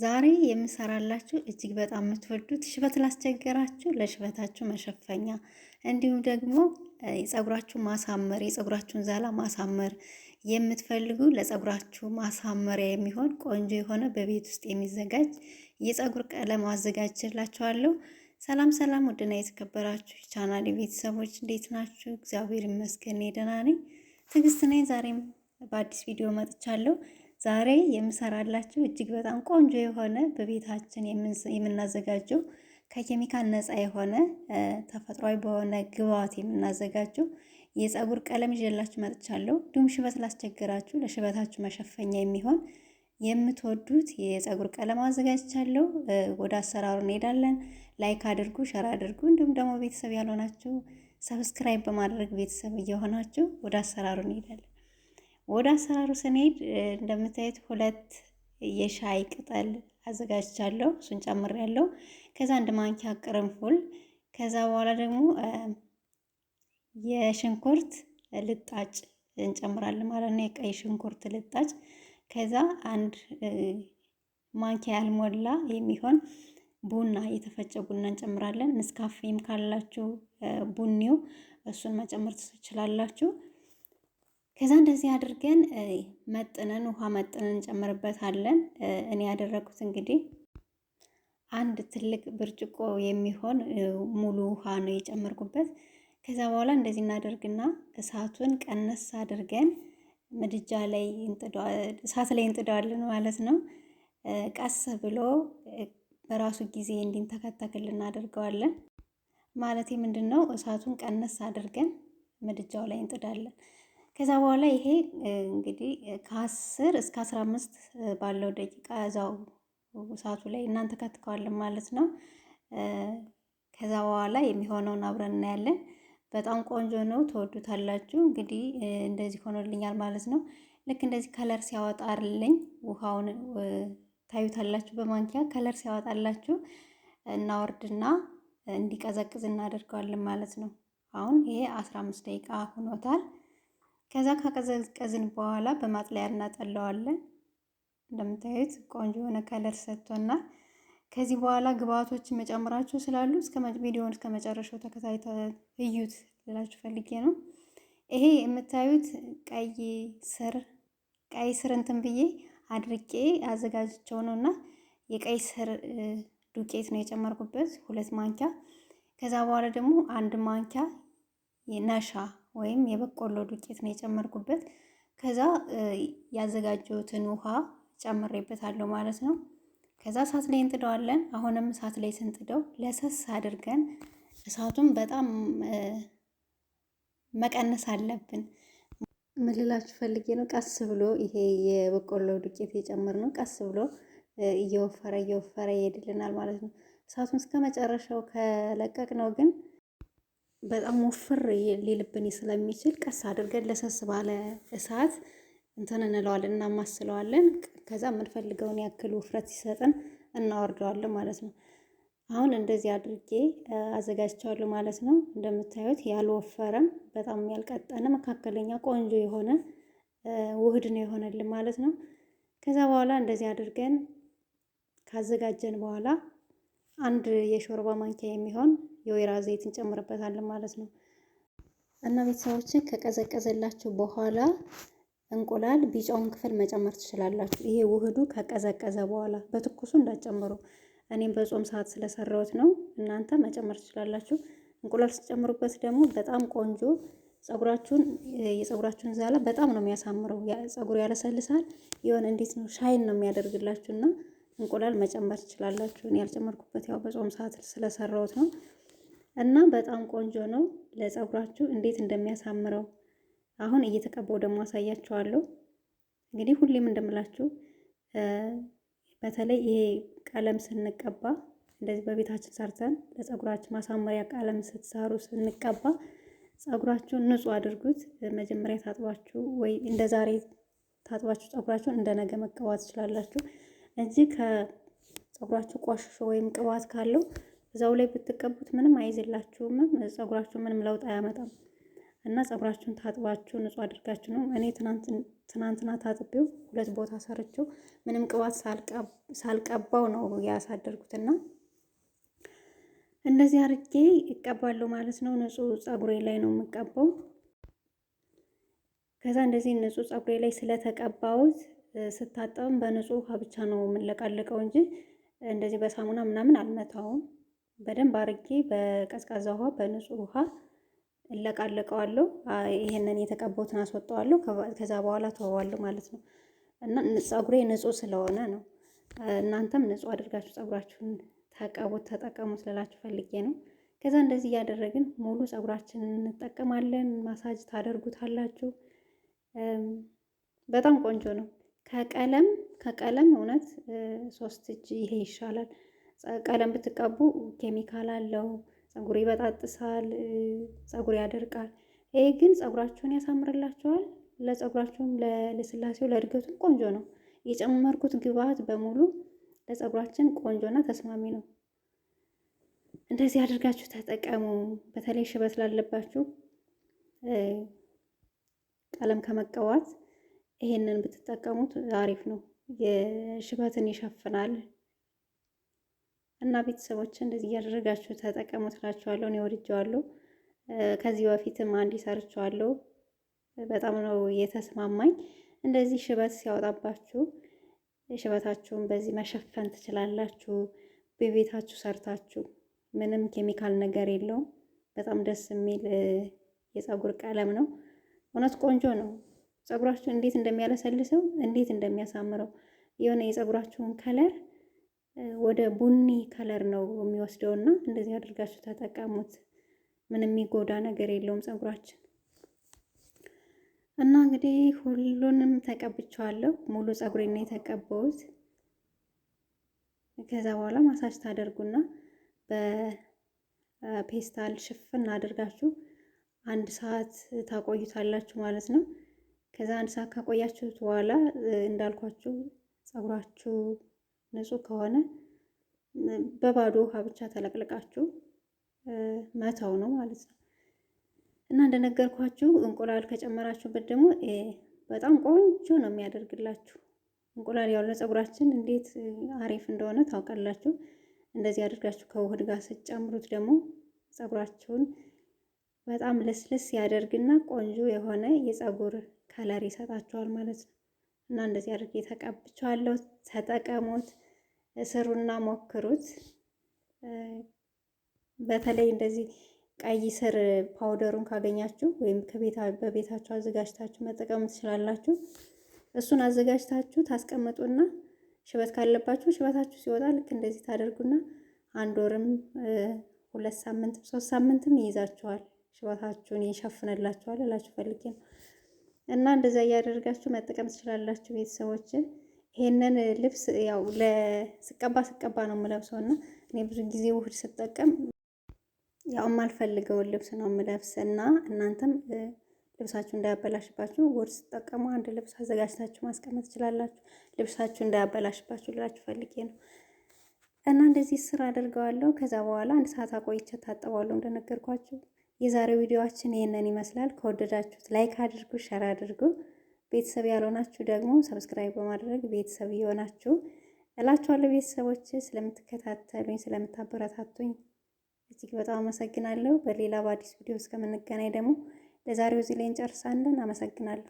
ዛሬ የምሰራላችሁ እጅግ በጣም የምትወዱት ሽበት ላስቸገራችሁ ለሽበታችሁ መሸፈኛ እንዲሁም ደግሞ የጸጉራችሁ ማሳመር የጸጉራችሁን ዛላ ማሳመር የምትፈልጉ ለጸጉራችሁ ማሳመሪያ የሚሆን ቆንጆ የሆነ በቤት ውስጥ የሚዘጋጅ የጸጉር ቀለም አዘጋጅላችኋለሁ። ሰላም ሰላም፣ ውድና የተከበራችሁ ቻናል ቤተሰቦች እንዴት ናችሁ? እግዚአብሔር ይመስገን ደህና ነኝ። ትዕግስት ነኝ። ዛሬም በአዲስ ቪዲዮ መጥቻለሁ። ዛሬ የምሰራላችሁ እጅግ በጣም ቆንጆ የሆነ በቤታችን የምናዘጋጀው ከኬሚካል ነፃ የሆነ ተፈጥሯዊ በሆነ ግብአት የምናዘጋጀው የፀጉር ቀለም ይዤላችሁ መጥቻለሁ። እንዲሁም ሽበት ላስቸግራችሁ ለሽበታችሁ መሸፈኛ የሚሆን የምትወዱት የፀጉር ቀለም አዘጋጅቻለሁ። ወደ አሰራሩ እንሄዳለን። ላይክ አድርጉ፣ ሸር አድርጉ። እንዲሁም ደግሞ ቤተሰብ ያልሆናችሁ ሰብስክራይብ በማድረግ ቤተሰብ እየሆናችሁ ወደ አሰራሩ እንሄዳለን። ወደ አሰራሩ ስንሄድ እንደምታዩት ሁለት የሻይ ቅጠል አዘጋጅቻለሁ። እሱን ጨምር ያለው ከዛ አንድ ማንኪያ ቅርንፉል፣ ከዛ በኋላ ደግሞ የሽንኩርት ልጣጭ እንጨምራለን ማለት ነው። የቀይ ሽንኩርት ልጣጭ ከዛ አንድ ማንኪያ ያልሞላ የሚሆን ቡና የተፈጨ ቡና እንጨምራለን። ንስካፌም ካላችሁ ቡኒው እሱን መጨመር ትችላላችሁ። ከዛ እንደዚህ አድርገን መጥነን ውሃ መጥነን እንጨምርበታለን። እኔ ያደረኩት እንግዲህ አንድ ትልቅ ብርጭቆ የሚሆን ሙሉ ውሃ ነው የጨመርኩበት። ከዛ በኋላ እንደዚህ እናደርግና እሳቱን ቀነስ አድርገን ምድጃ ላይ እሳት ላይ እንጥደዋለን ማለት ነው። ቀስ ብሎ በራሱ ጊዜ እንዲንተከተክል እናደርገዋለን። ማለት ምንድን ነው እሳቱን ቀነስ አድርገን ምድጃው ላይ እንጥዳለን። ከዛ በኋላ ይሄ እንግዲህ ከአስር እስከ አስራ አምስት ባለው ደቂቃ እዛው ሰዓቱ ላይ እናንተ ከትከዋለን ማለት ነው። ከዛ በኋላ የሚሆነውን አብረን እናያለን። በጣም ቆንጆ ነው፣ ተወዱታላችሁ። እንግዲህ እንደዚህ ሆኖልኛል ማለት ነው። ልክ እንደዚህ ከለር ሲያወጣልኝ ውሃውን ታዩታላችሁ። በማንኪያ ከለር ሲያወጣላችሁ እናወርድና እንዲቀዘቅዝ እናደርገዋለን ማለት ነው። አሁን ይሄ አስራ አምስት ደቂቃ ሆኖታል። ከዛ ካቀዘቀዝን በኋላ በማጥለያ እናጠለዋለን። እንደምታዩት ቆንጆ የሆነ ከለር ሰጥቶና ከዚህ በኋላ ግብአቶችን መጨምራችሁ ስላሉ ቪዲዮውን እስከ መጨረሻው ተከታይታ እዩት ልላችሁ ፈልጌ ነው። ይሄ የምታዩት ቀይ ስር ቀይ ስር እንትን ብዬ አድርቄ አዘጋጅቸው ነው እና የቀይ ስር ዱቄት ነው የጨመርኩበት ሁለት ማንኪያ። ከዛ በኋላ ደግሞ አንድ ማንኪያ ነሻ ወይም የበቆሎ ዱቄት ነው የጨመርኩበት። ከዛ ያዘጋጀሁትን ውሃ ጨምሬበታለሁ ማለት ነው። ከዛ እሳት ላይ እንጥደዋለን። አሁንም እሳት ላይ ስንጥደው ለሰስ አድርገን እሳቱን በጣም መቀነስ አለብን። ምልላችሁ ፈልጌ ነው፣ ቀስ ብሎ ይሄ የበቆሎ ዱቄት ነው። ቀስ ብሎ እየወፈረ እየወፈረ ይሄድልናል ማለት ነው። እሳቱን እስከ መጨረሻው ከለቀቅ ነው ግን በጣም ወፍር ሊልብን ስለሚችል ቀስ አድርገን ለሰስ ባለ እሳት እንትን እንለዋለን እናማስለዋለን። ከዛ የምንፈልገውን ያክል ውፍረት ሲሰጥን እናወርደዋለን ማለት ነው። አሁን እንደዚህ አድርጌ አዘጋጅቸዋለሁ ማለት ነው። እንደምታዩት ያልወፈረም በጣም ያልቀጠነ መካከለኛ ቆንጆ የሆነ ውህድ ነው የሆነልን ማለት ነው። ከዛ በኋላ እንደዚህ አድርገን ካዘጋጀን በኋላ አንድ የሾርባ ማንኪያ የሚሆን የወይራ ዘይት እንጨምርበታለን ማለት ነው። እና ቤተሰቦችን ከቀዘቀዘላችሁ በኋላ እንቁላል ቢጫውን ክፍል መጨመር ትችላላችሁ። ይሄ ውህዱ ከቀዘቀዘ በኋላ በትኩሱ እንዳትጨምሩ። እኔም በጾም ሰዓት ስለሰራሁት ነው። እናንተ መጨመር ትችላላችሁ። እንቁላል ስትጨምሩበት ደግሞ በጣም ቆንጆ ጸጉራችሁን የጸጉራችሁን ዛላ በጣም ነው የሚያሳምረው። ጸጉር ያለሰልሳል። የሆነ እንዴት ነው ሻይን ነው የሚያደርግላችሁና እንቁላል መጨመር ትችላላችሁ። እኔ ያልጨመርኩበት ያው በጾም ሰዓት ስለሰራሁት ነው። እና በጣም ቆንጆ ነው ለፀጉራችሁ እንዴት እንደሚያሳምረው አሁን እየተቀባው ደግሞ አሳያችኋለሁ። እንግዲህ ሁሌም እንደምላችሁ በተለይ ይሄ ቀለም ስንቀባ እንደዚህ በቤታችን ሰርተን ለፀጉራችን ማሳመሪያ ቀለም ስትሰሩ ስንቀባ ፀጉራችሁን ንጹህ አድርጉት። መጀመሪያ ታጥባችሁ ወይ እንደ ዛሬ ታጥባችሁ ፀጉራችሁን እንደ ነገ መቀባት ትችላላችሁ እንጂ ከፀጉራችሁ ቆሽሾ ወይም ቅባት ካለው እዛው ላይ ብትቀቡት ምንም አይዝላችሁም፣ ፀጉራችሁ ምንም ለውጥ አያመጣም። እና ፀጉራችሁን ታጥባችሁ ንጹህ አድርጋችሁ ነው። እኔ ትናንትና ታጥቤው ሁለት ቦታ ሰርቼው ምንም ቅባት ሳልቀባው ነው ያሳደርኩትና እንደዚህ አድርጌ ይቀባለሁ ማለት ነው። ንጹህ ጸጉሬ ላይ ነው የምቀባው። ከዛ እንደዚህ ንጹህ ፀጉሬ ላይ ስለተቀባሁት ስታጠብም በንጹህ ውሃ ብቻ ነው የምንለቃለቀው እንጂ እንደዚህ በሳሙና ምናምን አልመታውም። በደንብ አርጌ በቀዝቃዛ ውሃ በንጹህ ውሃ እለቃለቀዋለሁ። ይሄንን የተቀቦትን አስወጣዋለሁ። ከዛ በኋላ ተወዋለሁ ማለት ነው እና ፀጉሬ ንጹህ ስለሆነ ነው። እናንተም ንጹህ አድርጋችሁ ፀጉራችሁን ተቀቡት፣ ተጠቀሙት ስላላችሁ ፈልጌ ነው። ከዛ እንደዚህ እያደረግን ሙሉ ፀጉራችንን እንጠቀማለን። ማሳጅ ታደርጉታላችሁ። በጣም ቆንጆ ነው። ከቀለም ከቀለም እውነት ሶስት እጅ ይሄ ይሻላል። ቀለም ብትቀቡ ኬሚካል አለው፣ ፀጉር ይበጣጥሳል፣ ፀጉር ያደርቃል። ይሄ ግን ፀጉራችሁን ያሳምርላችኋል። ለፀጉራችሁም ለስላሴው ለእድገቱም ቆንጆ ነው። የጨመርኩት ግብአት በሙሉ ለፀጉራችን ቆንጆና ተስማሚ ነው። እንደዚህ አድርጋችሁ ተጠቀሙ። በተለይ ሽበት ላለባችሁ ቀለም ከመቀባት ይሄንን ብትጠቀሙት አሪፍ ነው። የሽበትን ይሸፍናል። እና ቤተሰቦች እንደዚህ እያደረጋችሁ ተጠቀሙት እላችኋለሁ። እኔ ወድጀዋለሁ። ከዚህ በፊትም አንድ ሰርቼዋለሁ። በጣም ነው የተስማማኝ። እንደዚህ ሽበት ሲያወጣባችሁ ሽበታችሁን በዚህ መሸፈን ትችላላችሁ። በቤታችሁ ሰርታችሁ ምንም ኬሚካል ነገር የለውም። በጣም ደስ የሚል የፀጉር ቀለም ነው። እውነት ቆንጆ ነው። ፀጉራችሁ እንዴት እንደሚያለሰልሰው እንዴት እንደሚያሳምረው የሆነ የፀጉራችሁን ከለር ወደ ቡኒ ከለር ነው የሚወስደው እና እንደዚህ አድርጋችሁ ተጠቀሙት። ምንም የሚጎዳ ነገር የለውም ፀጉራችን እና እንግዲህ ሁሉንም ተቀብቸዋለሁ። ሙሉ ፀጉሬን ነው የተቀበውት። ከዛ በኋላ ማሳጅ ታደርጉና በፔስታል ሽፍን አድርጋችሁ አንድ ሰዓት ታቆዩታላችሁ ማለት ነው። ከዛ አንድ ሰዓት ካቆያችሁት በኋላ እንዳልኳችሁ ፀጉራችሁ ንጹህ ከሆነ በባዶ ውሃ ብቻ ተለቅልቃችሁ መተው ነው ማለት ነው። እና እንደነገርኳችሁ እንቁላል ከጨመራችሁበት ደግሞ በጣም ቆንጆ ነው የሚያደርግላችሁ። እንቁላል ያው ለፀጉራችን እንዴት አሪፍ እንደሆነ ታውቃላችሁ። እንደዚህ አድርጋችሁ ከውህድ ጋር ስትጨምሩት ደግሞ ፀጉራችሁን በጣም ልስልስ ያደርግና ቆንጆ የሆነ የፀጉር ከለር ይሰጣችኋል ማለት ነው። እና እንደዚህ አድርጌ ተቀብቻለሁ። ተጠቀሙት። ስሩና ሞክሩት። በተለይ እንደዚህ ቀይ ስር ፓውደሩን ካገኛችሁ ወይም በቤታችሁ አዘጋጅታችሁ መጠቀም ትችላላችሁ። እሱን አዘጋጅታችሁ ታስቀምጡና ሽበት ካለባችሁ ሽበታችሁ ሲወጣ ልክ እንደዚህ ታደርጉና አንድ ወርም ሁለት ሳምንትም ሶስት ሳምንትም ይይዛችኋል፣ ሽበታችሁን ይሸፍንላችኋል እላችሁ ፈልጌ ነው። እና እንደዛ እያደረጋችሁ መጠቀም ትችላላችሁ ቤተሰቦችን ይሄንን ልብስ ያው ለስቀባ ስቀባ ነው የምለብሰው እና እኔ ብዙ ጊዜ ውህድ ስጠቀም ያው የማልፈልገውን ልብስ ነው የምለብስ እና እናንተም ልብሳችሁ እንዳያበላሽባችሁ ውህድ ስጠቀሙ አንድ ልብስ አዘጋጅታችሁ ማስቀመጥ ትችላላችሁ። ልብሳችሁ እንዳያበላሽባችሁ ልላችሁ ፈልጌ ነው። እና እንደዚህ ስር አደርገዋለሁ። ከዛ በኋላ አንድ ሰዓት አቆይቼ ታጠባለሁ እንደነገርኳችሁ። የዛሬው ቪዲዮችን ይህንን ይመስላል። ከወደዳችሁት ላይክ አድርጉ፣ ሸር አድርጉ። ቤተሰብ ያልሆናችሁ ደግሞ ሰብስክራይብ በማድረግ ቤተሰብ የሆናችሁ እላችኋለሁ። ቤተሰቦች ስለምትከታተሉኝ ስለምታበረታቱኝ እጅግ በጣም አመሰግናለሁ። በሌላ በአዲስ ቪዲዮ እስከምንገናኝ ደግሞ ለዛሬው እዚህ ላይ እንጨርሳለን። አመሰግናለሁ።